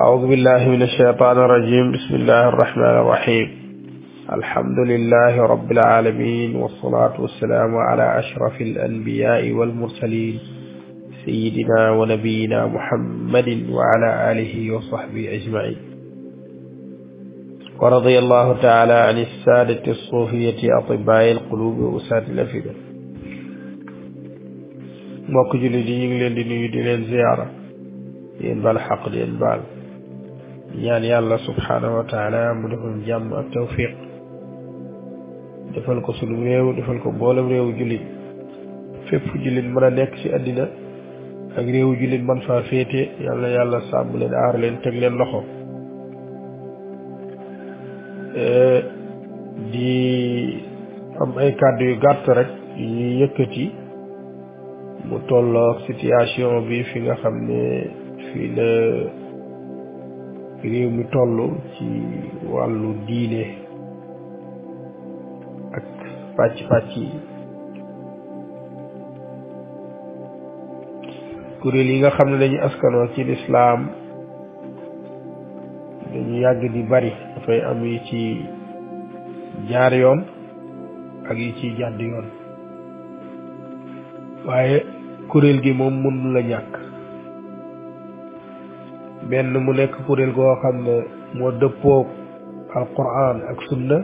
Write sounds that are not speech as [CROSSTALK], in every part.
أعوذ بالله من الشيطان الرجيم بسم الله الرحمن الرحيم الحمد لله رب العالمين والصلاة والسلام على أشرف الأنبياء والمرسلين سيدنا ونبينا محمد وعلى آله وصحبه أجمعين ورضي الله تعالى عن السادة الصوفية أطباء القلوب وأساة الأفئدة mbokk jullit yi ñu ngi leen di nuyu di ñaan yàlla subhaanahu wa taala mu defal jàmm ak tawfiq defal ko sunu réew defal ko mboolem réewu jullit fépp jullit mën a nekk ci àddina ak réewu jullit man faa féete yàlla yàlla sàmm leen aar leen teg leen loxo di am ay kàddu yu gàtt rek yu ñuy yëkkati mu tolloog situation bi fi nga xam ne fii la réew mi toll ci wàllu diine ak pàcc-pàcc kuréel yi nga xam ne dañu askanoo ci lislaam dañu yàgg di bari dafay am yi ci jaar yoon ak yi ci jàdd yoon waaye kuréel gi moom mënu la ñàkk benn mu nekk kuréel goo xam ne moo dëppoog alquran ak sunna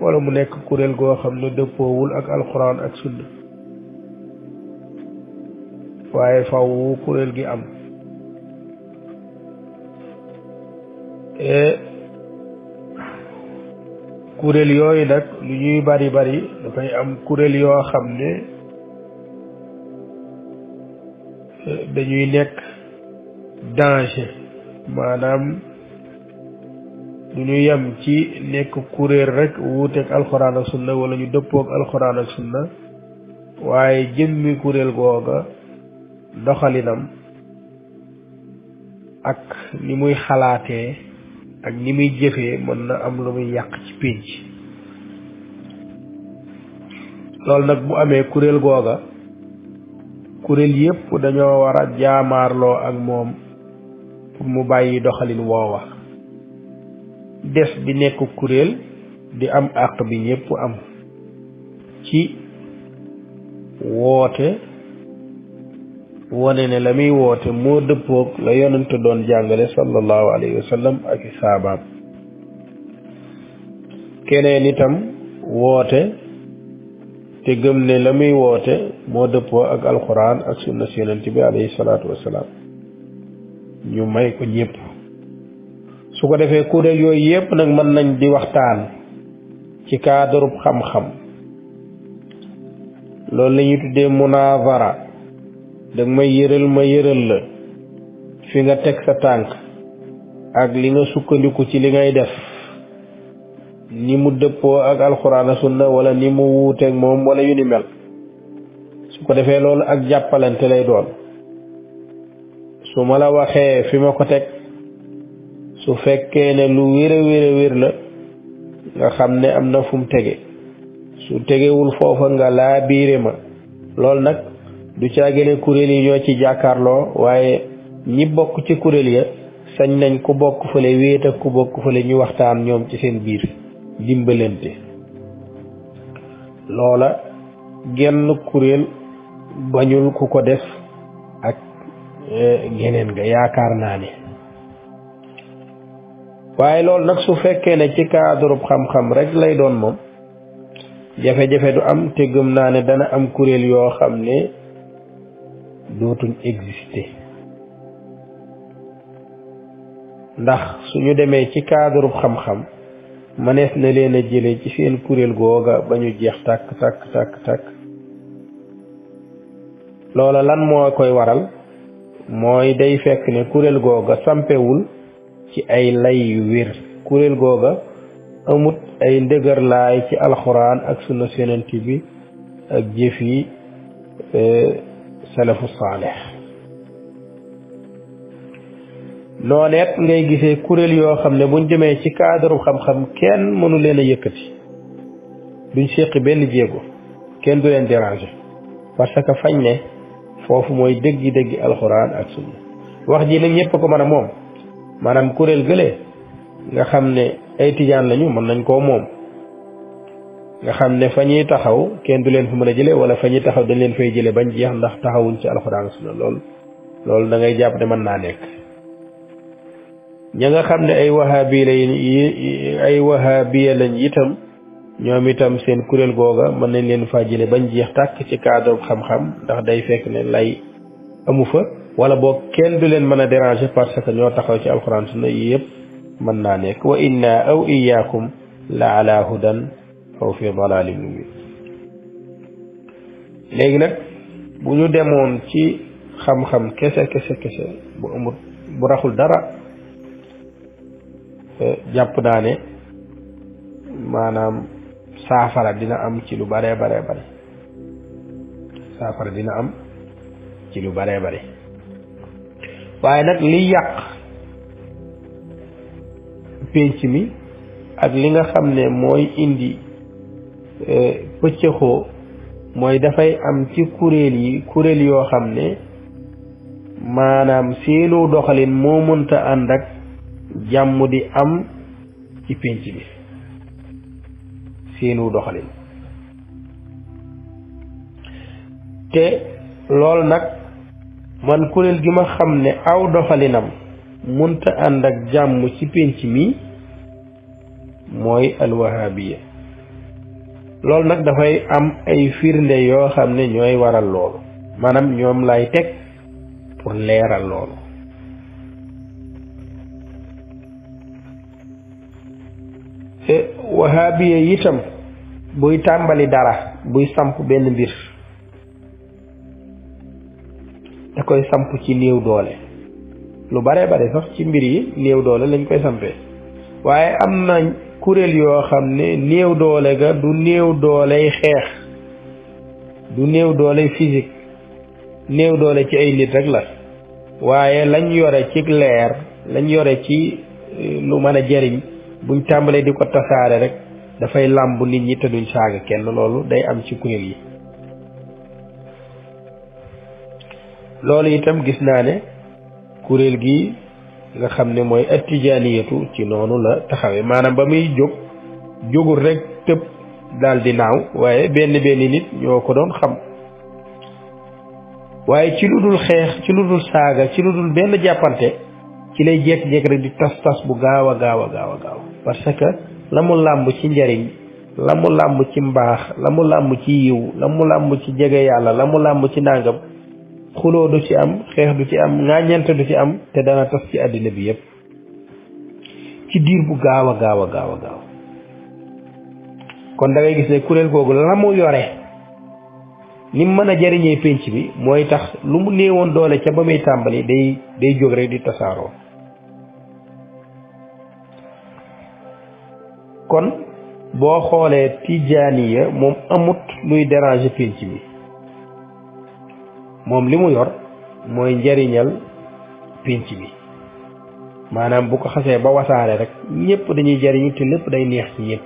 wala mu nekk kuréel goo xam ne dëppoowul ak alquran ak sunna waaye faww kuréel gi am kuréel yooyu nag lu ñuy bari bari dafay am kuréel yoo xam ne dañuy nekk danger maanaam du ñu yem ci nekk kuréel rekk wuuteeg alxuraan ak sunna wala ñu dëppoog alxuraan ak sunna waaye jëmmi kuréel googa doxalinam ak ni muy xalaatee ak ni muy jëfee mën na am lu muy yàq ci pénc loolu nag bu amee kuréel googa kuréel yépp dañoo war a jaamaarloo ak moom mu bàyyi doxalin woowa des di nekk kuréel di am àq bi ñépp am ci woote wone ne la muy woote moo dëppoog la yonent doon jàngale sallallahu alayhi ak i saabaam keneen itam woote te gëm ne la muy woote moo dëppoo ak alxuraan ak sunna si yonent bi alayhi salaatu wasalaam ñu may ko ñëpp su ko defee kuréel yooyu yëpp nag mën nañ di waxtaan ci cadre xam-xam loolu la ñuy tuddee munavara da may yëral ma yëral la fi nga teg sa tànk ak li nga sukkandiku ci li ngay def ni mu dëppoo ak alxuraan sunna wala ni mu wuuteeg moom walla yu ni mel su ko defee loolu ak jàppalante lay doon su ma la waxee fi ma ko teg su fekkee ne lu wér a wér la nga xam ne am na fum tege su tegewul foofa nga laa biire ma loolu nag du caagene kuréel yi ñoo ci jàkkaarloo waaye ñi bokk ci kuréel ya sañ nañ ku bokk fële wéet ak ku bokk fële ñu waxtaan ñoom ci seen biir dimbalante loola genn kuréel bañul ku ko def geneen ga yaakaar naa ne waaye loolu nag su fekkee ne ci cadre xam-xam rek lay doon moom jafe-jafe du am te gëm naa ne dana am kuréel yoo xam ne dootuñ exister ndax suñu demee ci cadre xam-xam mënees na leen a ci seen kuréel googa ba ñu jeex tàkk tàkk tàkk tàkk loola lan moo koy waral mooy day fekk ne kuréel googa sampewul ci ay lay yu wér kuréel googa amut ay ndëgërlaay ci alxuraan ak sunna senanti bi ak jëf yi e, salafu saalix nooneet ngay gisee kuréel yoo xam ne buñ demee ci cadre xam-xam kenn mënu leen a yëkkati duñ séqi benn jéego kenn du leen déranger parce que fañ ne foofu mooy dëgg-dëgg alxuraan ak sunna wax ji nag ñëpp ko mën a moom maanaam kuréel gële nga xam ne ay tijaan lañu mën nañ koo moom nga xam ne fa ñuy taxaw kenn du leen fu mën a jële wala fa ñuy taxaw dañ leen fay jële bañ jeex ndax taxawuñ ci alxuraan ak sunna lool loolu da jàpp ne mën naa nekk ña nga xam ne ay wahabi lañ ay wahabiya lañ itam ñoom itam seen kuréel googa mën nañ leen faa jële bañ jeex tàkk ci cadre xam-xam ndax day fekk ne lay amu fa wala boo kenn du leen mën a déranger parce que ñoo taxaw ci alxuraan sunna yëpp mën naa nekk wa inna aw iyaakum la ala aw fi dalalin mubin léegi nag bu ñu demoon ci xam-xam kese kese kese bu amul bu raxul dara eh, jàpp naa ne maanaam saafara dina am ci lu baree baree bari saafara dina am ci lu baree bari waaye nag li yàq pénc mi ak li nga xam ne mooy indi e, pëccëxoo mooy dafay am ci kuréel yi kuréel yoo xam ne maanaam seenu doxalin moo mënta ànd ak jàmm di am ci pénc bi seenu doxalin te lool nag man kuréel gi ma xam ne aw doxalinam munta ànd ak jàmm ci pénc mi mooy alwahabiya loolu nag dafay am ay firnde yoo xam ne ñooy waral loolu maanaam ñoom lay teg pour leeral loolu wahaabiya itam buy tàmbali dara buy samp benn mbir da koy samp ci néew doole lu bare bare sax ci mbir yi néew doole lañ koy sampe waaye am na kuréel yoo xam ne néew doole ga du néew dooley xeex du néew dooley physique néew doole ci ay nit rek la waaye lañ yore ci leer lañ yore ci eh, lu mën a jariñ buñ tàmbalee di ko tasaare rek dafay làmb nit ñi te duñ saaga kenn loolu day am ci kuréel yi loolu itam gis naa ne kuréel gi nga xam ne mooy attijaaniyatu ci noonu la taxawee maanaam ba muy jóg jógul rek tëb daldi di naaw waaye benn benn nit ñoo ko doon xam waaye ci lu dul xeex ci lu dul saaga ci lu dul benn jàppante ci lay jékki-jékki rek di tas tas bu gaaw a gaaw a gaaw a parce que la mu làmb ci njariñ la mu làmb ci mbaax la mu làmb ci yiw la mu làmb ci jege yàlla la mu làmb ci nàngam xuloo du ci am xeex du ci am ŋaañante du ci am te dana tas ci àddina bi yépp ci diir bu gaaw a gaaw a gaaw kon da gis ne kuréel googu la mu yore ni mën a jariñee pénc bi mooy tax lu mu néewoon doole ca ba muy tàmbali day day jóg rek di tasaaroo kon boo xoolee tijaaniya moom amut luy déranger pénc bi moom li mu yor mooy njariñal pénc mi maanaam bu ko xasee ba wasaare rek ñëpp dañuy jariñu te lépp day neex ci ñëpp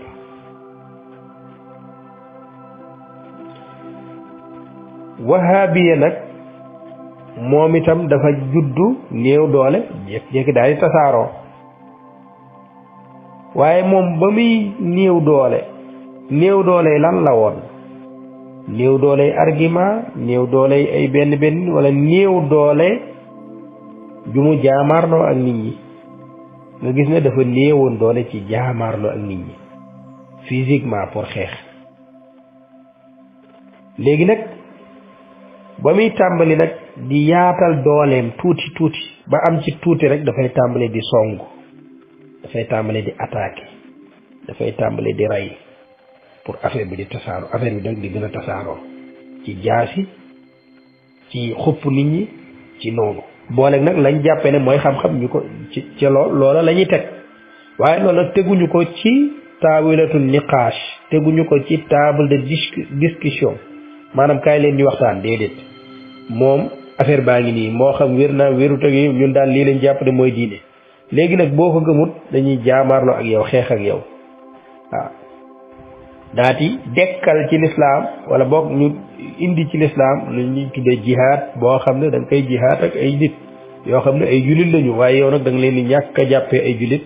wahaabiya nag moom itam dafa juddu néew doole jékki-jékki daal di tasaaroo waaye moom ba muy néew doole néew doole lan la woon néew doole argument néew doole ay benn benn wala néew doole jumu mu ak nit ñi nga gis ne dafa néewoon doole ci jaamaarloo ak nit ñi physiquement pour xeex léegi nag ba muy tàmbali nag di yaatal dooleem tuuti tuuti ba am ci tuuti rek dafay tàmbali di song dafay tàmbalee di attaqué dafay tàmbale di ray pour affaire bi di tasaaroo affaire bi nag di gën a tasaaroo ci jaasi ci xupp nit ñi ci noonu boole nag lañ jàppee ne mooy xam-xam ñu ko ci ci loo loola lañuy teg waaye loolu teguñu ko ci taawilatul niqaash teguñu ko ci table de discussion maanaam kaay leen ñu waxtaan déedéet moom affaire baa ngi nii moo xam wér naa wéru teg ñun daal lii lañ jàpp ne mooy diine léegi nak boko gemut dañuy jaamaarlo ak yow xex ak yow waaw daati dekkal ci l'islam wala bok ñu indi ci l'islam lu ñu tuddee jihad bo xam dañ koy jihad ak ay nit yo xam ay julit lañu waye yow nak dañ leen di ñàkk a ay julit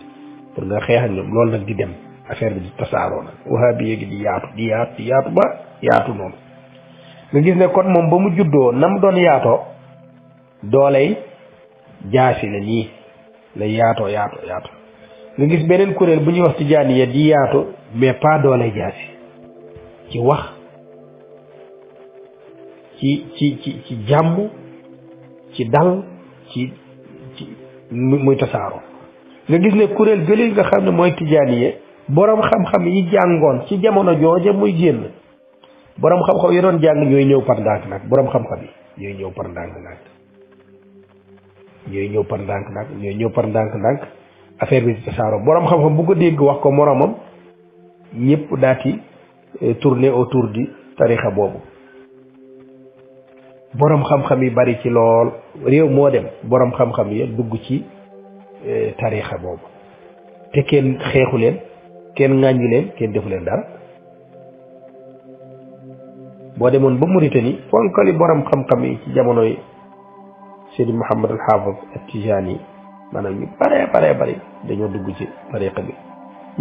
pour nga xex ak ñom lool nak di dem affaire bi di tasaaroo nag wahabiya gi di yaatu di yaatu di yaatu ba yaatu non nga gis ne kon mom ba mu juddoo nam doon yaato dooley jaasi la nii lay yaatoo yaatoo yaatoo nga gis beneen kuréel bu ñuy wax tijaaniya di yaatu mais pas doole jaasi ci wax ci ci ci ci jàmm ci dal ci ci muy tasaaroo nga gis ne kuréel gëli nga xam ne mooy yi boroom xam-xam yi jàngoon ci jamono jooje muy génn boroom xam-xam yi doon jàng ñooy ñëw par ndànk nag boroom xam-xam yi ñooy ñëw par ndànk nag ñoy ñëw par dank dank ñoy ñëw par dank dank affaire bi saaro borom xam-xam bu ko deg wax ko moromam ñepp daati eh, tourner autour di tariixa bobu borom xam-xam yi bari ci lool rew mo dem borom xam-xam yi ya dugg ci eh, tariixa bobu te ken xexu len ken ngañu len ken defu len dara bo demone ba muritani fonkali borom xam-xam yi ci jamono Seydi Mouhamed al Hafiz ak Tijaan yi maanaam ñu bare bare bari dañoo dugg ci tariqa bi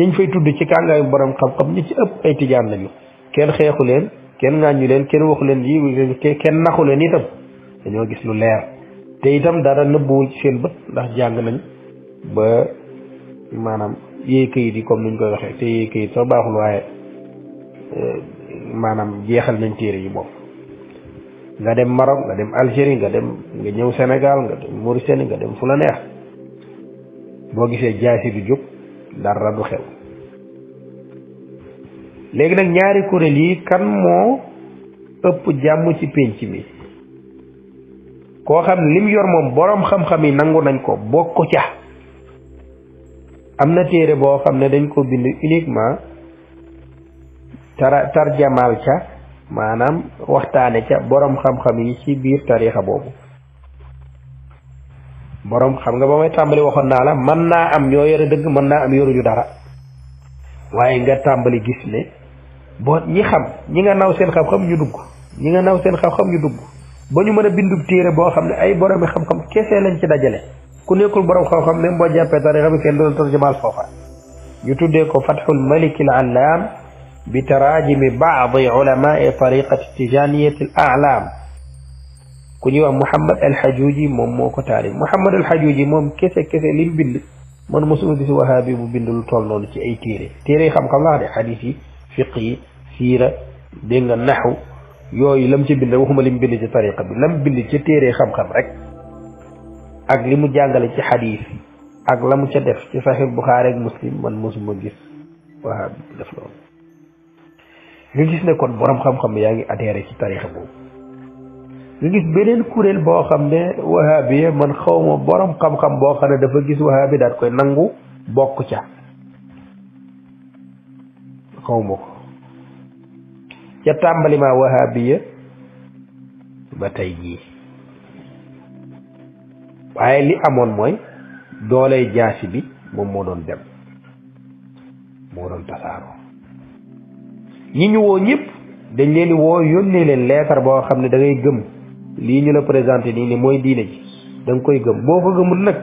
ñu fay tudd ci kàngaayu borom xam-xam ñi ci ëpp ay tijaan lañu kenn xeexu leen kenn ŋàññu leen kenn waxu leen yi kenn naxu leen itam dañoo gis lu leer te itam dara nëbbuwul ci seen bët ndax jàng nañ ba maanaam yéey këyit yi comme nuñ koy waxee te yéey këyit soo baaxul waaye eh, maanaam jeexal nañ téere yi moom nga dem Maroc nga dem Algérie nga dem nga ñëw Sénégal nga dem Mauritanie nga dem fu neex boo gisee jaasi du jóg dara du xew léegi nag ñaari kuréel yi kan moo ëpp jàmm ci pénc mi koo xam ne lim yor moom boroom xam-xam yi nangu nañ ko bokk ca am na téere boo xam ne dañ ko bind uniquement tara tarjamaal ca maanaam waxtaane ca borom xam-xam yi ci biir tariixa boobu borom xam nga ba may tàmbali waxoon naa la mën naa am ñoo yore dëgg mën naa am yoruñu dara waaye nga tàmbali gis ne boo ñi xam ñi nga naw seen xam-xam ñu dugg ñi nga naw seen xam-xam ñu dugg ba ñu mën a bindub téere boo xam ne ay boromi xam-xam kese lañ ci dajale ku nekkul borom xam-xam même boo jàppee tariixa bi kenn doon tarjamaal foofa ñu tuddee ko fatxul malikil allaam بتراجم بعض علماء طريقة التجانية الأعلام كنيوا محمد الحجوجي مم كتاري محمد الحجوجي مم كيف كيف لين بند من مسلم دي وهابي بند لطول أي تيري تيري خم كلا هذا حديثي فقهي سيرة دين النحو يو لم تبند وهم لين بند طريقة لم بند تيري خم خم رك أقلم جانجل حديثي أقل تدف تفهم بخارج مسلم من مسلم دي وهابي بند لطول nga gis ne kon borom xam-xam yaa ngi adhéré ci tarixa boobu nga gis beneen kuréel boo xam ne wahabiya man xawma borom xam-xam boo xam ne dafa gis wahabi daat koy nangu bokk ca xawma ko ca tàmbali ma ba tey waaye li amoon mooy dooley jaasi bi moom moo doon dem moo doon tasaaroo ñi ñu woo ñëpp dañ leen di woo yónnee leen leetar boo xam ne dangay gëm lii ñu la présenté nii ni mooy diine ji da koy gëm boo ko gëmul nag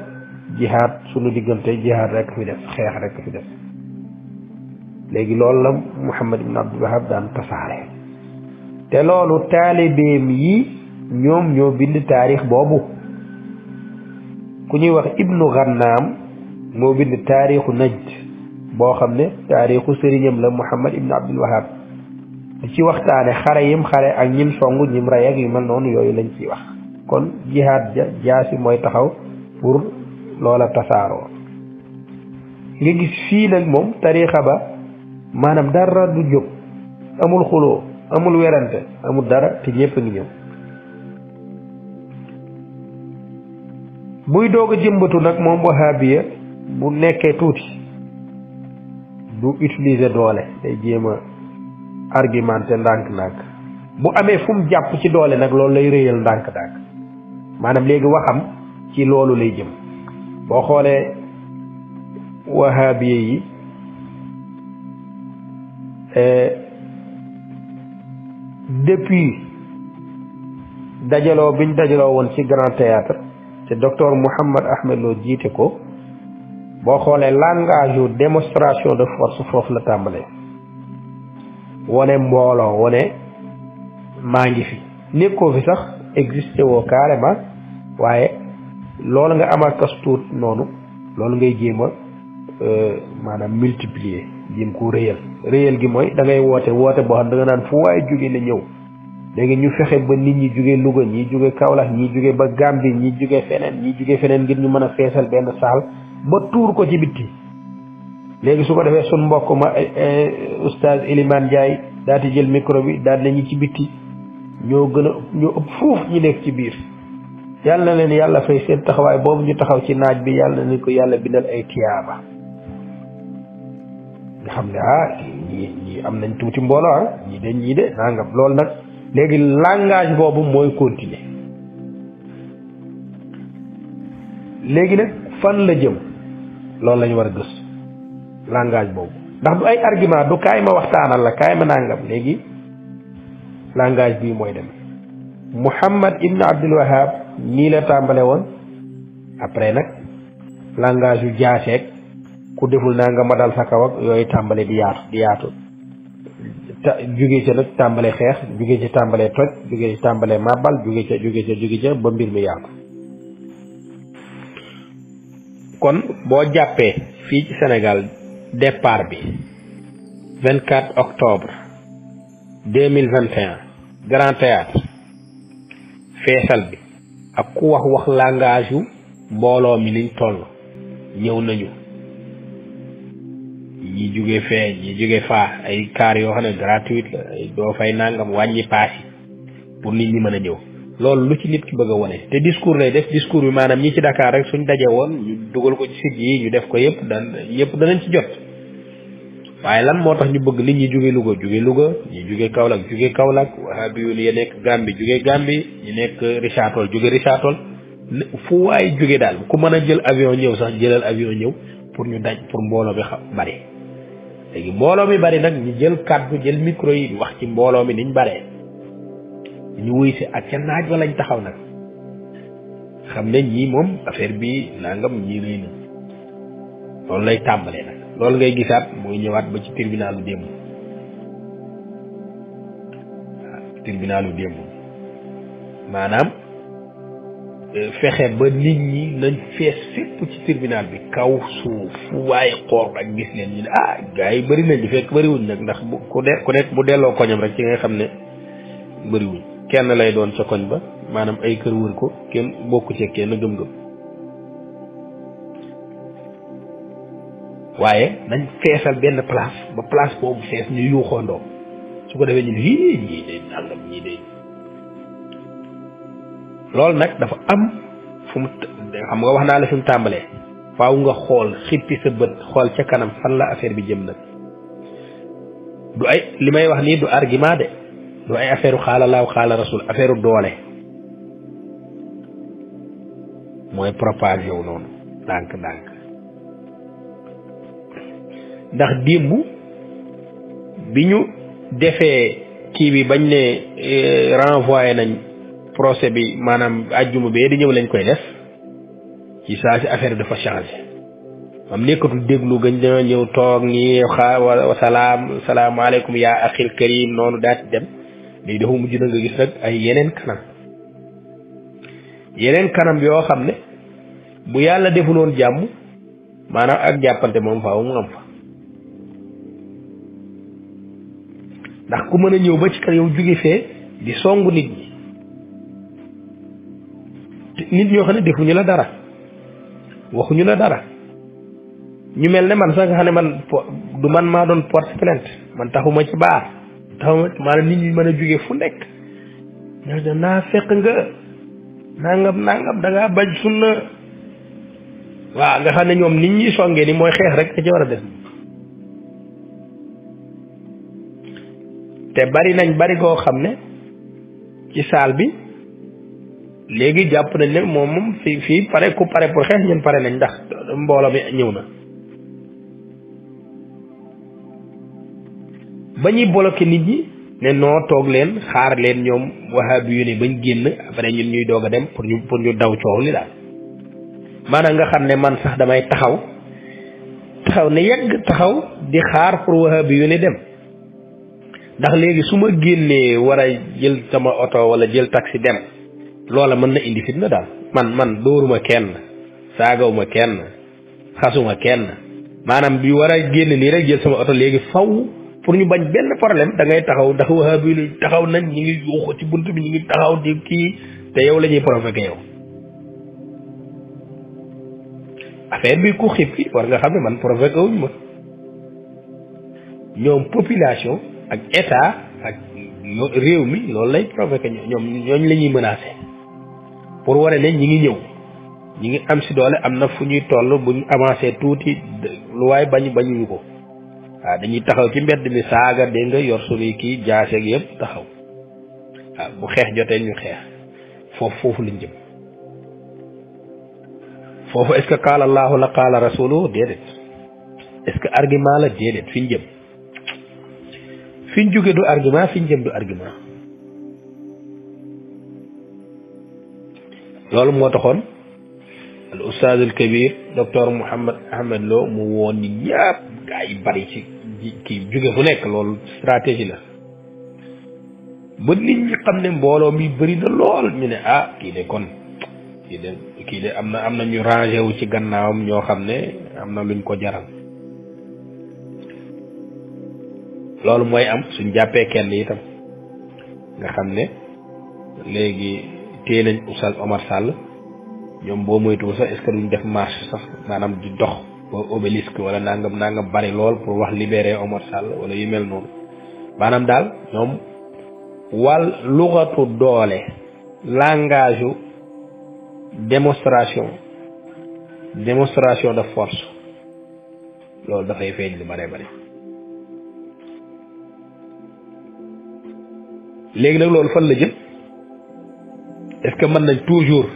jihaad sunu diggante jihaad rek fi def xeex rek fi def léegi loolu la Muhammad ibn Abdul Wahab daan tasaare te loolu taalibeem yi ñoom ñoo bind taarix boobu ku ñuy wax ibnu Gannaam moo bind taarixu Najd boo xam ne taarixu sëriñam la Muhammad ibn Abdul Wahab di ci waxtaane xare yim xare ak ñim song ñim rey ak yu mel noonu yooyu lañ ciy wax kon jihaad ja jaasi mooy taxaw pour loola tasaaroo nga gis fii nag moom tariixa ba maanaam dara du jóg amul xuloo amul werante amul dara te ñépp ngi ñëw buy doog a jëmbatu nag moom wahaabiya bu nekkee tuuti du utiliser doole day jéema a argumenté ndànk-ndànk bu amee fum jàpp ci doole nag loolu lay réyal ndànk-ndànk maanaam léegi waxam ci loolu lay jëm boo xoolee wahaabiye yi eh, depuis dajaloo biñ dajaloo woon ci grand théâtre te docteur Mouhammad Ahmed Lo jiite ko boo xoolee langage yu démonstration de force foofu la tàmbalee wane mbooloo wane maa ngi fi nekkoo fi sax existé woo carrément waaye loolu nga amal kas tuut noonu loolu ngay jéem a euh, maanaam multiplier jéem ko réyal réyal gi mooy da ngay woote woote boo xam da nga naan fu waaye jóge na ñëw léegi ñu fexe ba nit ñi jóge Louga ñi jóge Kaolack ñi jóge ba Gambie ñi jóge feneen ñi jóge feneen ngir ñu mën a feesal benn saal ba tuur ko ci bitti léegi su ko defee sun mbokk ma eh, eh, ay Elimane Ndiaye daal di jël micro bi daal di ci bitti ñoo gën a ñoo ëpp fuuf ñi nekk ci biir yàlla na leen yàlla fay seen taxawaay boobu ñu taxaw ci naaj bi yàlla na leen ko yàlla bindal ay tiyaaba nga xam ne ah ñii ñii am nañ tuuti mbooloo ah ñii de ñii de nangam loolu nag léegi langage boobu mooy continuer léegi nag fan la jëm loolu lañu war a gëstu langage boobu ndax du ay argument du kaay ma waxtaanal la kaay ma nangam léegi langage bii mooy dem muhammad ibn abdul wahab nii la tàmbale woon après nag langage yu jaaseeg ku deful nanga ma dal sa kaw ak yooyu tàmbale di yaatu di yaatu ta jóge ca nag tàmbale xeex jóge ca tàmbale toj jóge ca tàmbale màbbal jóge ca jóge ca jóge ca ba mbir mi yaatu kon boo jàppee fii ci Sénégal bi 24 octobre 2021 Grand Théâtre feesal bi ak ku wax wax langage mbooloo mi liñ toll ñëw nañu ñi jóge fee ñi jóge faa ay kaar yoo xam ne gratuite doo fay nangam wàññi paas yi pour nit ñi mën a ñëw loolu lu ci nit ki bëgg a wone te discours lay def discours bi maanaam ñi ci Dakar rek suñ daje woon ñu dugal ko ci sit yi ñu def ko yëpp dan yëpp danañ ci jot waaye lan moo tax ñu bëgg nit ñi jóge Louga jóge Louga ñu jóge Kaolack jóge Kaolack wahabiyun ya nekk Gambie jóge Gambie ñu nekk Richard Toll jóge Richard Toll fu waaye jóge daal ku mën a jël avion ñëw sax jëlal avion ñëw pour ñu daj pour mbooloo bi xam bari léegi mbooloo mi bari nag ñu jël kàddu jël micro wax ci mbooloo mi niñ baree ñu wuy ci ak ca naaj ba lañ taxaw nag xam ne ñii moom affaire bi nangam ñii rëy na loolu lay tàmbalee nag loolu ngay gisaat mooy ñëwaat ba ci tribunalu démb tribunalu démb maanaam euh, fexe ba nit ñi nañ fees fépp ci tribunal bi kaw suuf fu waaye xool ak gis leen ñu ne ah gars yi bëri nañ di fekk bëriwuñ nag ndax ku nek ku nekk bu delloo koñam rek ci nga xam ne bëriwuñ kenn lay doon ca ba maanaam ay kër wër ko kenn bokku ci kenn gëm-gëm waaye nañ feesal benn place ba place boobu fees ñu yuuxoondoo su ko defee ñu ne hii ñii day nàngam loolu nag dafa am fu mu xam nga wax naa la fi mu tàmbalee faw nga xool xippi sa bët xool ca kanam fan la affaire bi jëm nag du ay li may wax nii du argument de du ay affaire xaala laaw xaala rasul doole mooy propagé wu noonu ndànk-ndànk ndax démb bi ñu defee kii bi bañ ne euh, renvoyé nañ procès bi maanaam àjjuma bee di ñëw lañ koy def ci saa si affaire bi dafa changé am nekkatul déglu gañ dana ñëw toog nii xaa wa salaam salaamaaleykum yaa axil karim noonu daal dem léegi dafa mujj na nga gis nag ay yeneen kanam yeneen kanam yoo xam ne bu yàlla defuloon jàmm maanaam ak jàppante moom faaw mu am fa ndax ku mën a ñëw ba ci kër yow jóge fee di songu nit ñi nit ñoo xam ne defuñu la dara waxuñu la dara ñu mel ne man sax nga xam ne man du man maa doon porte plainte man taxuma ci baax taw maanaam nit ñi mën a jóge fu nekk naa fekk nga nangam nangam da bañ sunna waaw nga xam ne ñoom nit ñi songee ni mooy xeex rek da a def te bari nañ bari koo xam ne ci saal bi léegi jàpp nañ ne moom moom fii fii pare ku pare pour xeex ñun pare nañ ndax mbooloo mi ñëw na ba ñuy bloqué nit ñi né no tok leen xaar leen ñom wahaabi yu ne bañu genn après ñun ñuy doga dem pour ñu pour ñu daw coow li daal mana nga xamné ne man sax damay taxaw taxaw ne yegg taxaw di xaar pour wahaabi yu ne dem ndax léegi suma genné wara jël sama auto wala jël taxi dem loola mën na indi fitna daal man man dooruma kenn saagawuma kenn xasuma kenn maanaam bi war a génn nii rek jël sama oto léegi faw pour ñu bañ benn problème da ngay taxaw ndax wahaabi taxaw nañ ñi ngi yuuxu ci bunt bi ñu ngi taxaw di kii te yow la ñuy provoqué yow affaire bi ku xippi war nga xam ne man provoqué wuñ ñoom population ak état ak réew mi loolu lay provoqué ñoom ñooñ lañuy ñuy pour wane ne ñi ngi ñëw ñi ngi am si doole am na fu ñuy toll bu ñu avancé tuuti lu waaye bañ bañuñu ko waaw ah, dañuy taxaw ci mbedd mi saaga dégg nga yor suñuy kii jaaseeg yëpp taxaw waaw ah, bu xeex jotee ñu xeex foofu foofu lañ jëm foofu est-ce que qaala allahu la qaala rasulu déedéet est-ce que argument la déedéet fi ñu fi ñu du argument fi ñu du argument loolu moo taxoon al ustaadul kabir docteur Mouhamed Ahmed Lo mu woon ni ñëpp gaa bari ci kii jóge fu nekk loolu stratégie la ba nit ñi xam ne mbooloo mi bëri na lool ñu ne ah kii de kon kii de kii de am na am na ñu rangé wu ci gannaawam ñoo xam ne am na luñ ko jaral loolu mooy am suñ jàppee kenn itam nga xam ne léegi téye nañ Oustaz Omar Sall ñoom boo moytuwul sax est-ce que def marche sax maanaam di dox obélisque wala nangam nangam bari lool pour wax libérer Omar Sall wala yu mel noonu maanaam daal ñoom wàll luxatu doole langage démonstration démonstration de force loolu dafay feeñ lu bare bare léegi nag loolu fan la jëm est-ce que mën nañ toujours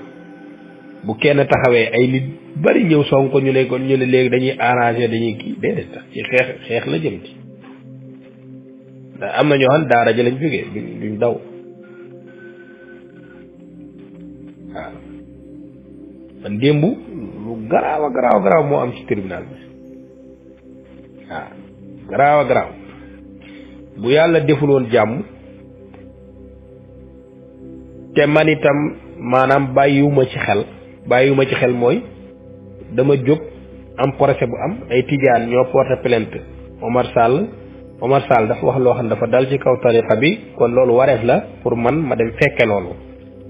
bu kenn taxawé ay nit bari ñëw sonk ñu lay kon ñu ne leg dañuy arranger dañuy ki dédé tax ci xex xex la jëm ci da am na han daara ji lañ jogé duñ daw man dembu lu graw graw graw mo am ci tribunal bi ah graw graw bu yalla deful won jamm te manitam manam bayiwuma ci xel ma ci xel mooy dama jóg am procès bu am ay tijaan ñoo porté plainte Omar Sall Omar Sall dafa wax loo xam dafa dal ci kaw tariqa bi kon loolu wareef la pour man ma dem fekke loolu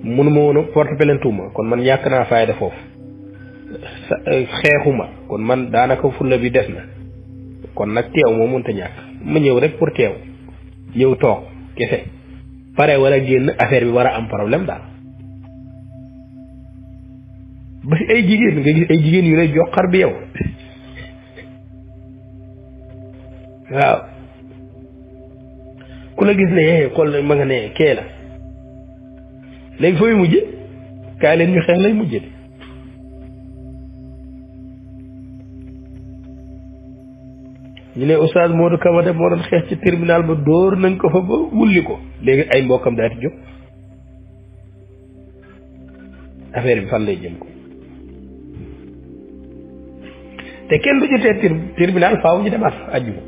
mënuma woon porté plainte ma kon man ñàkk naa fayda foofu eh, xeexuma kon man daanaka fulla bi des na kon nag teew moo mënta ñàkk ma ñëw rek pour teew ñëw toog kese pare wala génn affaire bi war a am problème daal ba si ay jigéen nga gis ay jigéen yu lay jox xar bi yow waaw ku la gis ne eh xool ma nga ne kee la léegi fooy mujje kaay leen ñu xeex lay mujje de ñu ne Oustaz Modou Kamate moo doon xeex ci tribunal ba dóor nañ ko fa ba wulli ko léegi ay mbokkam daal di jóg affaire bi fan lay jëm ko te kenn du jotee tir tribunal faaw ñu demaat ajjuma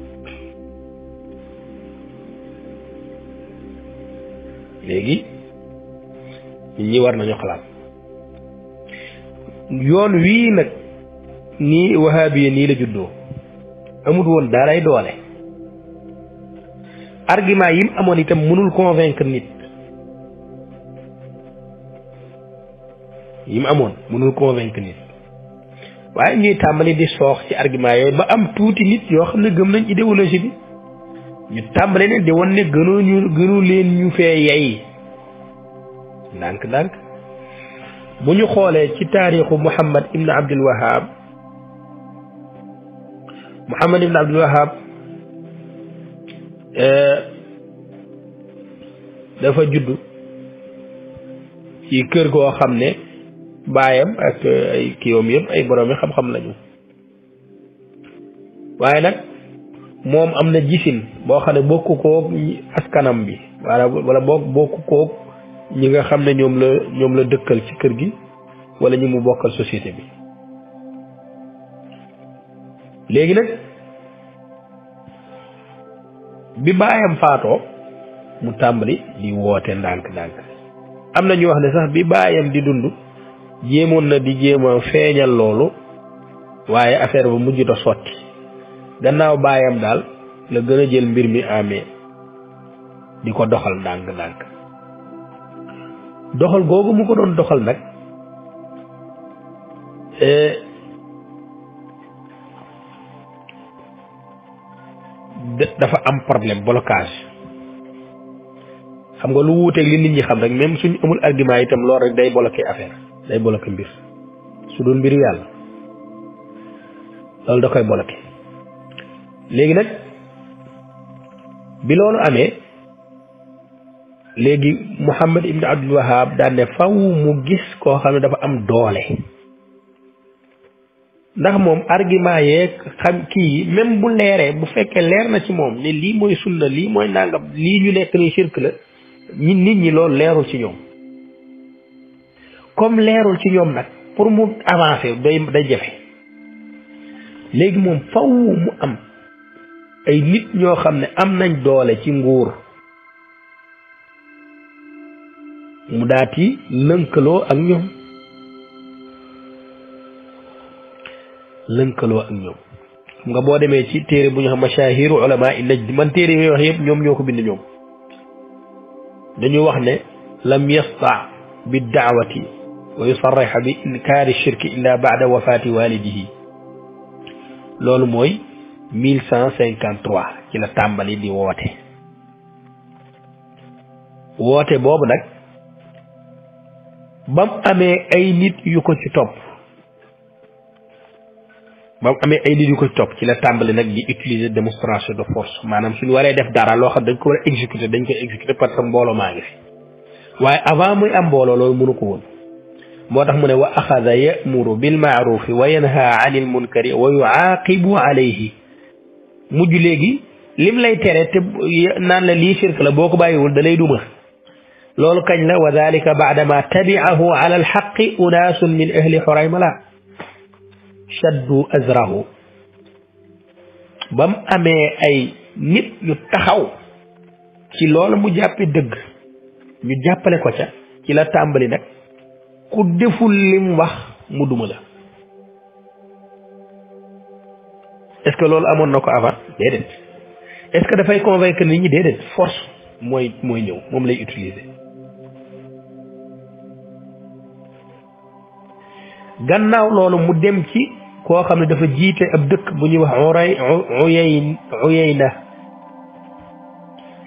léegi nit ñi war nañu xalaat yoon wii nag nii wahaabiya nii la juddoo amut woon ay doole argument yi mu amoon itam mënul convaincre nit yi mu amoon mënul convaincre nit waaye ñuy tàmbali di soox ci argument yooyu ba am tuuti nit yoo xam ne gëm nañ idéologie bi ñu tàmbali leen di wan ne gënoo ñu gënu leen ñu fee yey ndànk ndànk bu ñu xoolee ci taarixu Muhammad ibn Abdul Wahab eh, dafa judd ci kër goo xam ne baayam ak eh, ay kiiwam yëpp ay borom yi xam-xam lañu waaye nag moom am na gisin boo xam ne bokku koog askanam bi wala wala bokk bokku ñi nga xam ne ñoom la ñoom la dëkkal ci kër gi wala ñi mu bokkal société bi léegi nag bi baayam faatoo mu tàmbali di woote ndànk-ndànk am na ñu wax ne sax bi baayam di dund jéemoon na di jéema feñal lolu waye affaire bu mujju do soti gannaaw bayam dal la gën jël mbir mi amé di doxal dang dang doxal googu mu ko don doxal euh dafa am problème blocage xam nga lu wuté li nit ñi xam rek même suñu amul argument itam lool rek day bloquer affaire day bolaké mbir su dul mbir yàlla loolu da koy bolaké léegi nag bi loolu amee léegi muhammad ibn abdul wahab daan ne faw mu gis koo xam ne dafa am doole ndax moom argument yeeg xam kii même bu leeree bu fekkee leer na ci moom ne lii mooy sunna lii mooy nangam lii ñu nekk ni shirk la ñi nit ñi loolu leerul ci ñoom comme leerul ci ñoom nag pour mu avancer day day jafe léegi moom faw mu am ay nit ñoo xam ne am nañ doole ci nguur mu daati lënkaloo ak ñoom lënkaloo ak ñoom xam nga boo demee ci téere bu ñu xam mashahiru ulama i najd man téere yooyu wax yëpp ñoom ñoo ko bind ñoom dañu wax ne lam yasta bi daawati wa yusarrixa bi inkaari shirki illa baada wafaati walidihi loolu mooy mille cent cinquante trois ci la tàmbali di woote woote boobu nag ba mu amee ay nit yu ko ci topp ba mu amee ay nit yu ko ci topp ci la tàmbali nag di utiliser démonstration de force maanaam suñu waree def dara loo xam dañ ko war a exécuter dañ koy exécuter parce que mbooloo maa ngi fi waaye avant muy am mbooloo loolu mënu ko woon moo tax mu ne wa axada yamuru bilmaarufi wa yanha anil munkari wa yucaaqibu alayhi mujj léegi lim lay tere te naan la lii shirk la boo ko bàyyiwul da lay duma loolu kañ la wa dalika baadama tabiahu ala alxaqi unaasun min ahli xuraymala shaddu azrahu bam amee ay nit ñu taxaw ci loolu mu jàppi dëgg ñu jàppale ko ca ci la tàmbali nag ku deful lim wax mu duma la est-ce que loolu amoon na ko avant déedéet est-ce que dafay convaincre nit ñi déedéet force mooy mooy ñëw moom lay utiliser gannaaw loolu mu dem ci koo xam ne dafa jiite ab dëkk bu ñuy wax uray uyay uyayna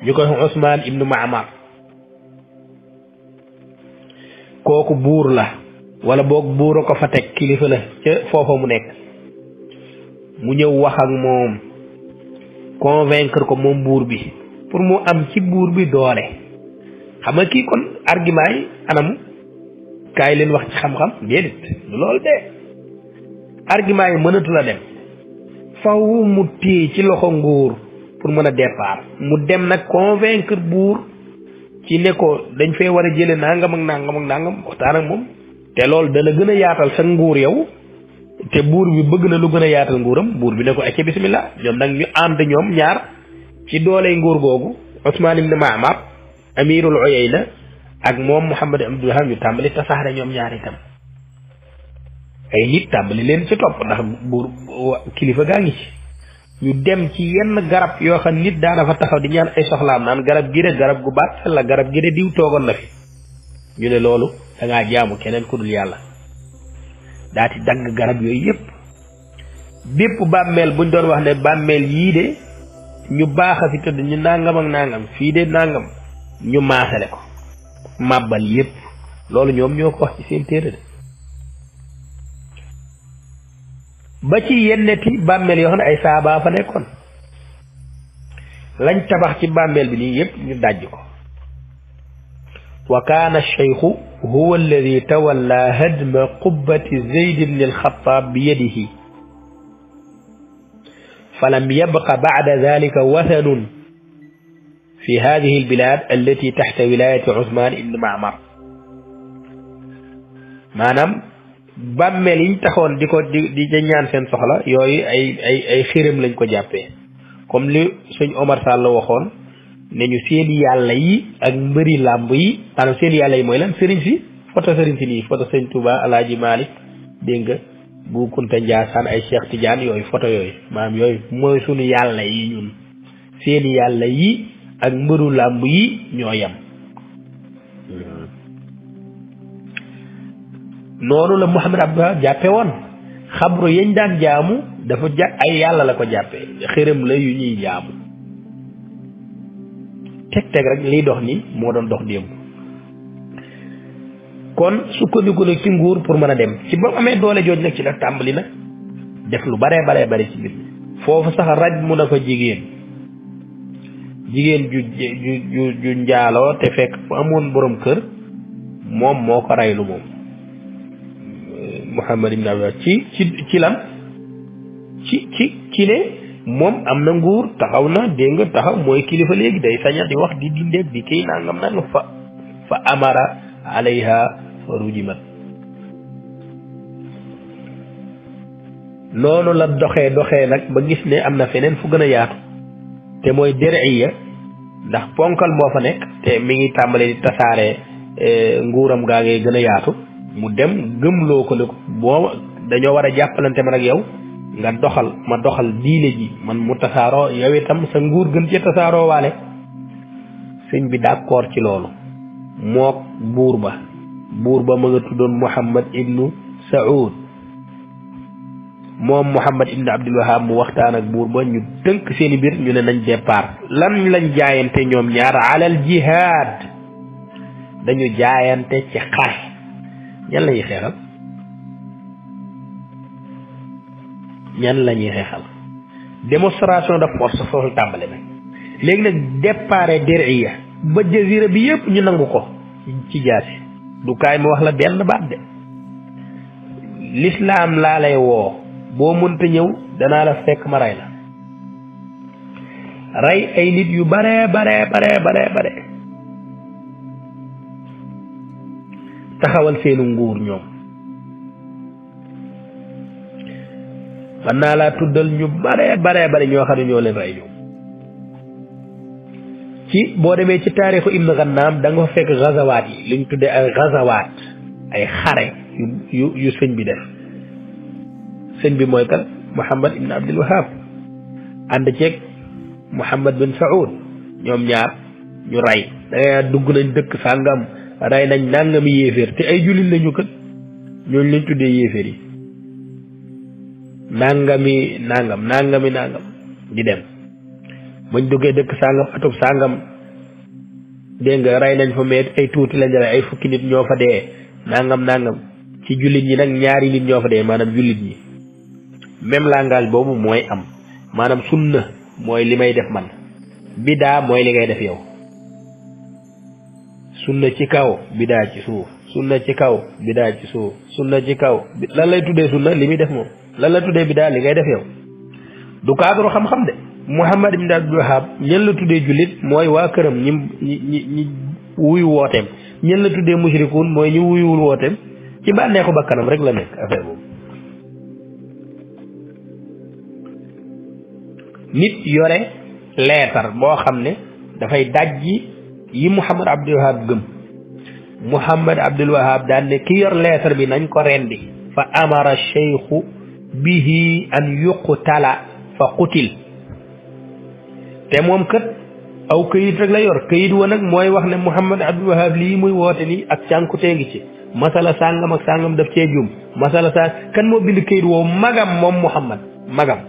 ñu koy Usmaan ibnu Maamar koku bur la wala bok buura ko fa tek kilifa la ca fofu mu nek mu ñew wax ak mom convaincre ko mom bur bi pour mu am ci bur bi doole xam nga kon argument yi anam kay leen wax ci xam-xam déedéet lool de argument yi mënatu la dem faw mu ci loxo nguur pour meuna départ mu dem nak convaincre bur ci ne ko dañ fee war a jële nangam ak nangam ak nangam waxtaan ak moom te loolu dana gën a yaatal sa nguur yow te buur bi bëgg na lu gën a yaatal nguuram buur bi ne ko acca bismillah ñoom nag ñu ànd ñoom ñaar ci dooley nguur googu Ousmane ibn Maamar amirul Uyayna ak moom Muhammad Abdul Wahab ñu tàmbali tasaare ñoom ñaar itam ay nit tàmbali leen ci topp ndax buur kilifa gaa ngi ci ñu dem ci yenn garab yoo xam nit daa dafa taxaw di ñaan ay soxlaam naan garab gi de garab gu baax la garab gi de diw toogoon na fi ñu ne loolu da ngaa jaamu keneen ku dul yàlla daati dagg garab yooyu yépp bépp bàmmeel buñ doon wax ne bàmmeel yii de ñu baax a fi tëdd ñu nàngam ak nàngam fii de nàngam ñu maasale ko màbbal yépp loolu ñoom ñoo ko wax ci seen téere de ba ci yenneti bàmmeel yoo xam ne ay saabaa fa nekkoon lañ tabax ci bàmmeel bi nii yépp ñu dajj ko wa kaana alcheikhu huwa alladi tawalla hadma qubbati zeyd ibni alxataab bi yadihi فلم يبق بعد ذلك وثن في هذه البلاد التي تحت ولاية عثمان بن معمر maanaam bàmmeel yiñ taxoon di ko di di ñaan seen soxla yooyu ay ay ay xërëm lañ ko jàppee comme li suñ Omar la waxoon ne ñu seen yàlla yi ak mbëri làmb yi maanaam yàlla yi mooy lan sëriñ si foto sëriñ si nii sëñ Touba Alaaji Malick dégg nga bu Kunta Njaasaan ay Cheikh Tidiane yooyu foto yooyu maanaam yooyu mooy suñu yàlla yi ñun seen yàlla yi ak mbëru làmb yi ñoo yam noonu la Muhammad Abdullah jàppe woon xabru yañ daan jaamu dafa ja ay yàlla la ko jàppe xërëm la yu ñuy jaamu teg teg rek liy dox ni moo doon dox démb kon sukkandiku nag ci nguur pour mën a dem ci ba amee doole jooj nag ci la tàmbali nag def lu baree baree bare ci biir foofu sax raj mu na fa jigéen jigéen ju ju ju njaaloo te fekk amoon borom kër moom moo ko raylu moom Muhammad ibn Abdullah ci ci ci lan ci ci ci ne moom am na nguur taxaw na dégg taxaw mooy kilifa léegi day saña di wax di dindeeg di kii nangam nangam fa fa amara alayha fa rujimat noonu la doxee doxee nag ba gis ne am na feneen fu gën a yaatu te mooy deriya ndax ponkal moo fa nekk te mi ngi tàmbale di tasaare eh, nguuram gaa ngay gën a yaatu mu dem gëmloo ko le bo dañoo war a jàppalante man ak yow nga doxal ma doxal diine ji man mu tasaaroo yow itam sa nguur gën ci tasaaroo waale sëñ bi d'accord ci loolu buur ba buur ba ma nga tuddoon muhammad ibnu saoud moom muhammad ibnu abdul wahab mu waxtaan ak buur ba ñu tënk seeni bir ñu ne nañ départ lan lañ jaayante ñoom ñaar alal jihaad dañu jaayante ci xare ñan lañuy xeexal ñan lañuy xeexal démonstration de force foofu la tàmbale nag léegi nag dépare dériya ba jazira bi yépp ñu nangu ko ci jaasi du kaay mu wax la benn baat de lislaam laa lay woo boo mënta ñëw danaa la fekk ma rey la rey ay nit yu bare bare bare bare taxawal seenu nguur ñoom man naa laa tuddal ñu bare bare bare ñoo xam ne ñoo leen rey ci boo demee ci taarixu Ibn Ghannaam da nga fa fekk gazawaat yi li ñu tuddee ay gazawaat ay xare yu yu sëñ bi def sëñ bi mooy kan Ibn Abdul Wahab ceeg Muhammad bin Saoud ñoom ñaar ñu rey da dugg nañ dëkk sàngam. rey nañ nangami yéeféer te ay jullit lañu kat ñooñu lañ tuddee yéeféer yi nangami nangam nangami nangam di dem buñ duggee dëkk sàngam atub sàngam dégg nga rey nañ fa mais ay tuuti lañ rey ay fukki nit ñoo fa dee nangam nangam ci jullit ñi nag ñaari nit ñoo fa dee maanaam jullit ñi même langage boobu mooy am maanaam sunna mooy li may def man bidaa mooy li ngay def yow sunna ci kaw bidaa ci suuf sunna ci kaw bidaa ci suuf sunna ci kaw lan lay tuddee sunna li muy def moom lan la tuddee bidaa li ngay def yow du cadre xam-xam de Muhammad ibn Abdul Wahab ñen la tuddee jullit mooy waa këram ñi ñi ñi wuyu wooteem ñen la tuddee mushrikuun mooy ñi wuyuwul wooteem ci bànneexu bakkanam rek la nekk affaire boobu nit yore leetar boo xam ne dafay dajji yi Mouhamad Abdul gëm Mouhamad Abdul Wahab ki yor lettre bi nañ ko rendi fa amara cheikhu bihi an yuqtala fa qutil te moom kat aw këyit rek la yor këyit wa nag mooy wax ne Mouhamad Abdul Wahab lii muy woote nii ak cànkutee ngi ci masala sàngam ak sàngam def cee jum masala sàng kan moo bind këyit woowu magam moom Mouhamad magam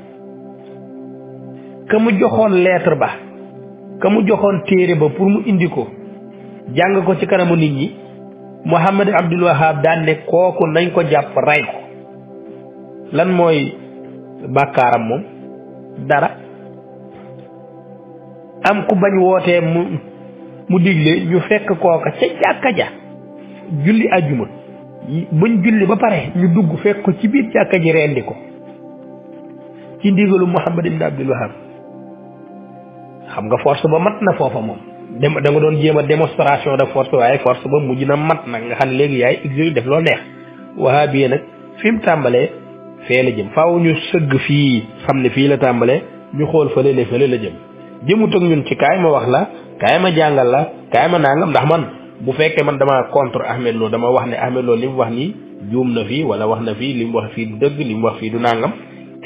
ka mu joxoon lettre ba ka mu joxoon téere ba pour mu indi ko jàng ko ci kanamu nit ñi Muhammad Abdul Wahab daan ne kooku nañ ko jàpp rey ko lan mooy bàkkaaram moom dara am ku bañ wootee mu mu digle ñu fekk kooka ca jàkka ja julli àjjuma buñ julli ba pare ñu dugg fekk ko ci biir jàkka ji ko ci ndigalu Muhammad ibn Abdul Wahab xam nga force ba mat na foofa moom dem da nga doon jéem a démonstration de force waaye force ba mujj na mat na nga xam ne léegi yaay exil def loo neex wahabi yee nag fi mu tàmbalee fee la jëm faw ñu sëgg fii xam ne fii la tàmbalee ñu xool fële ne fële la jëm jëmut ak ñun ci kaay ma wax la kaay ma jàngal la kaay ma nangam ndax man bu fekkee man dama contre Ahmed Lo dama wax ne Ahmed Lo li mu wax nii juum na fii wala wax na fii li mu wax fii du dëgg li mu wax fii du nangam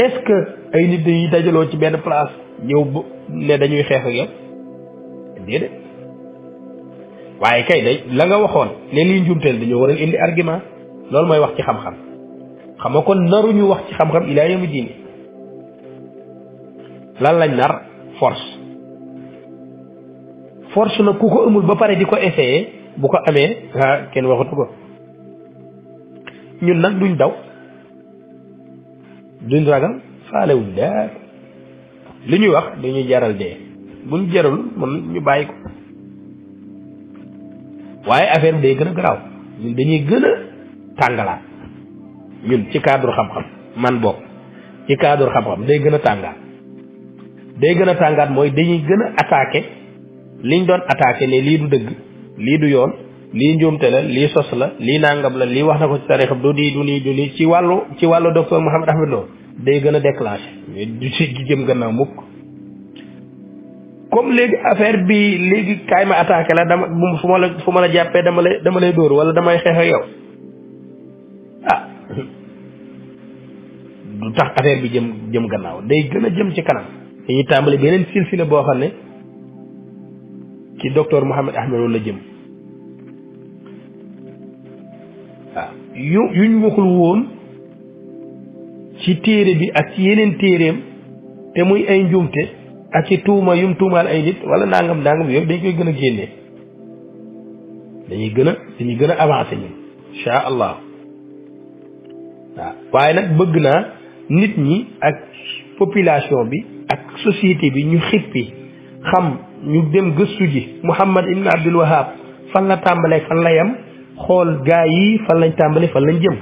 est nit dañuy dajaloo ci benn place ñëw ne dañuy xeex ak yow waaye kay day la nga waxoon ne lii njumteel dañoo war indi argument loolu mooy wax ci xam-xam xam nga kon naruñu wax ci xam-xam ilaa yamu diini lan lañ nar force force na ku ko amul ba pare di ko essayer bu ko amee ah kenn waxatu ko ñun nag duñ daw duñ ragal faale daal li ñuy wax ñuy jaral dee buñ jarul mun ñu bàyyi ko waaye affaire bi day gën a garaaw ñun dañuy gën a tàngalaat ñun ci cadre xam-xam man bokk ci cadre xam-xam day gën a tàngaat day gën a tàngaat mooy dañuy gën a li ñu doon attaqué ne lii du dëgg lii du yoon lii njuumte la lii sos la lii nangam la lii wax na ko ci tarixa du nii du nii du nii ci wàllu ci wàllu docteur Mouhamed Ahmed Lo day gën a déclenché mais du ci jëm gannaaw mukk comme léegi affaire bi léegi kaay ma attaqué la dama fu ma la fu ma la jàppee dama lay dama dóor wala damay xeex yow ah [LAUGHS] du tax affaire bi jëm jëm gannaaw day gën a jëm ci kanam dañuy tàmbali beneen silsila boo xam ne ci docteur Mouhamed Ahmed la jëm waaw ah. yu yuñ waxul woon ci téere bi ak ci yeneen téereem te muy ay njuumte ak ci tuuma yum tuumaal ay nit wala nangam nangam yooyu dañ koy gën a génnee dañuy gën a dañuy gën a avancé ñun incha allah waaw waaye nag bëgg naa nit ñi ak population bi ak société bi ñu xippi xam ñu dem gëstu ji Muhammad Ibn Abdul Wahab fan la tàmbalee fan la yem xool gaa yii fan lañ tàmbalee fan lañ jëm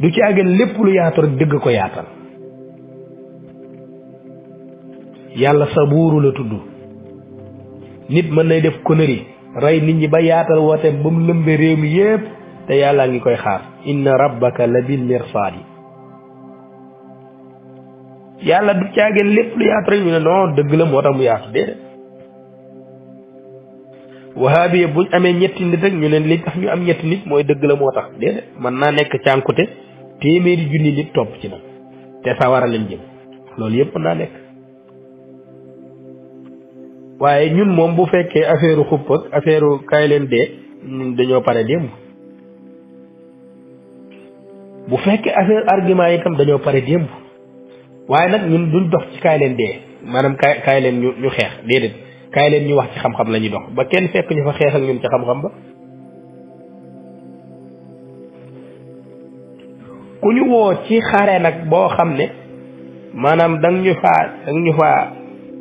du ci àggan lépp lu yaatu rek dëgg ko yaatal yàlla sabuuru la tudd nit mën nay def connerie rey nit ñi ba yaatal woote ba mu lëmbe réew mi yépp te yàlla ngi koy xaar inna rabbaka la bil mirsaadi yàlla du caageen lépp lu yaatu rek ñu ne non dëgg la moo tax mu yaatu déedéet wahaabiya buñ amee ñetti nit rek ñu ne li tax ñu am ñetti nit mooy dëgg la moo tax déedéet mën naa nekk cànkute téeméeri junni nit topp ci nag te sawara lañ jëm loolu yëpp mën naa nekk waaye ñun moom bu fekkee affaire u xupp affaire u kaay leen dee dañoo pare démb bu fekkee affaire argument yi itam dañoo pare démb waaye nag ñun duñ dox ci kaay leen dee maanaam kaay kaay leen ñu ñu xeex déedéet kaay leen ñu wax ci xam-xam la ñuy dox ba kenn fekk ñu fa xeex ak ñun ci xam-xam ba ku ñu woo ci xare nag boo xam ne maanaam dang ñu faa dang ñu faa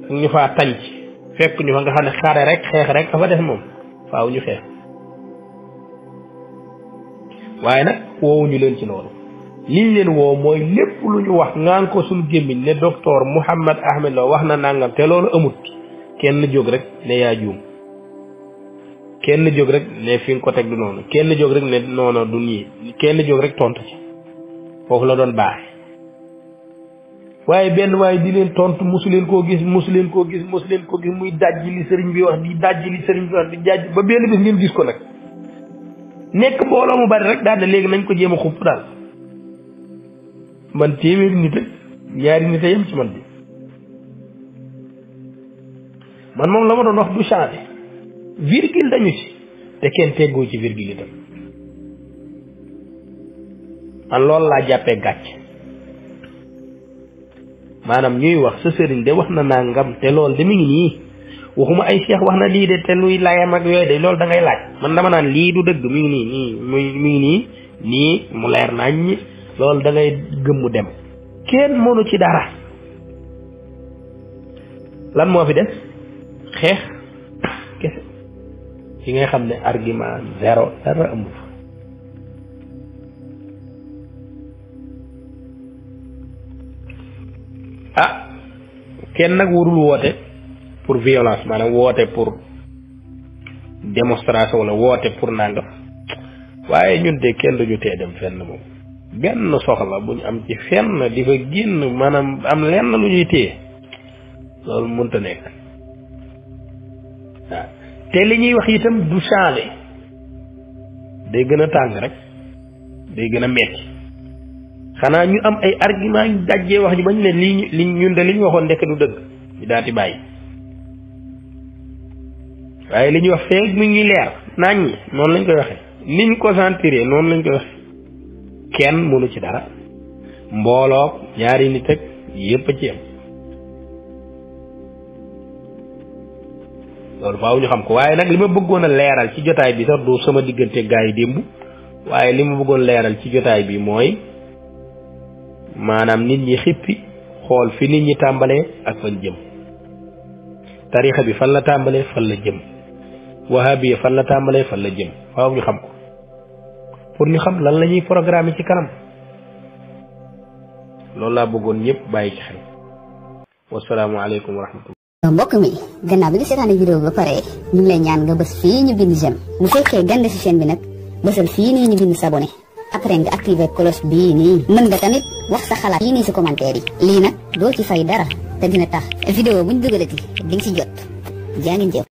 dang ñu faa fekk ñu fa nga xam ne xare rek xeex rek dafa def moom faaw ñu xeex waaye nag woowuñu leen ci loolu liñ leen woo mooy lépp lu ñu wax ngaan ko suñu gémmiñ ne docteur Mouhammad Ahmed Lo wax na nangam te loolu amut kenn jóg rek ne yaa juum kenn jóg rek ne fii nga ko teg du noonu kenn jóg rek ne noonu du nii kenn jóg rek tont ci foofu la doon baax waaye benn waaye di leen tontu mosu leen koo gis mosu leen koo gis mosu leen koo gis muy dajji li sëriñ bi wax di dajji li sëriñ bi wax di dajji ba benn bis ngeen gis ko nag nekk mbooloo mu bari rek daal léegi nañ ko jéem a xupp daal man téeméeri nit ak ñaari nit a yem ci man bi man moom la ma doon wax du changé virgule dañu ci te kenn teggoo ci virgule itam man loolu laa jàppee gàcc maanaam ñuy wax sa sëriñ de wax na ngam te lool de mi ngi nii waxuma ay seex wax na lii de te luy layam ak yooyu de loolu da ngay laaj man dama naan lii du dëgg mi ngi nii nii muy mi ngi nii nii mu leer nañ loolu dangay gëmmu dem kenn mënu ci dara lan moo fi def xeex kese yi ngay xam ne argument zéro dara amul fa ah kenn nag warul woote pour violence maanaam woote pour démonstration wala woote pour nangam waaye ñun de kenn duñu tee dem fenn moom benn soxla bu ñu am ci fenn di fa génn maanaam am lenn lu ñuy téye loolu mënta nekk te li ñuy wax itam du changé day gën a tàng rek day gën a metti xanaa ñu am ay argument yu dajjee wax ji bañ ne lii ñu li ñun de li ñu waxoon ndekk du dëgg ñu daal di bàyyi waaye li ñuy wax feeg mi ngi leer naañ noonu lañ koy waxee niñ ko sentiré noonu lañ koy waxee kenn mënu ci dara mbooloo ñaari ni ak yépp a ci am loolu faaw ñu xam ko waaye nag li ma bëggoon a leeral ci jotaay bi sax du sama diggante gaa yi démb waaye li ma bëggoon leeral ci jotaay bi mooy maanaam nit ñi xippi xool fi nit ñi tàmbalee ak fan jëm tarixa bi fan la tàmbalee fan la jëm wahabiya fan la tàmbalee fan la jëm faaw ñu xam ko pour ñu xam lan la ñuy programme ci kanam loolu laa bëggoon ñëpp bàyyi ci xel wasalaamualeykum wa rahmatullah mbok mi ganna bi ci tane video ba pare ñu ngi lay ñaan nga bëss fi ñu bind jëm mu fekkee gënd ci chaîne bi nak bëssal fi ni ñu bind s'abonner après nga activer cloche bi ni mën nga tamit wax sa xalaat yi ni ci commentaire yi lii nag doo ci fay dara te dina tax video buñu dëgëlati di nga ci jot jaangi jëf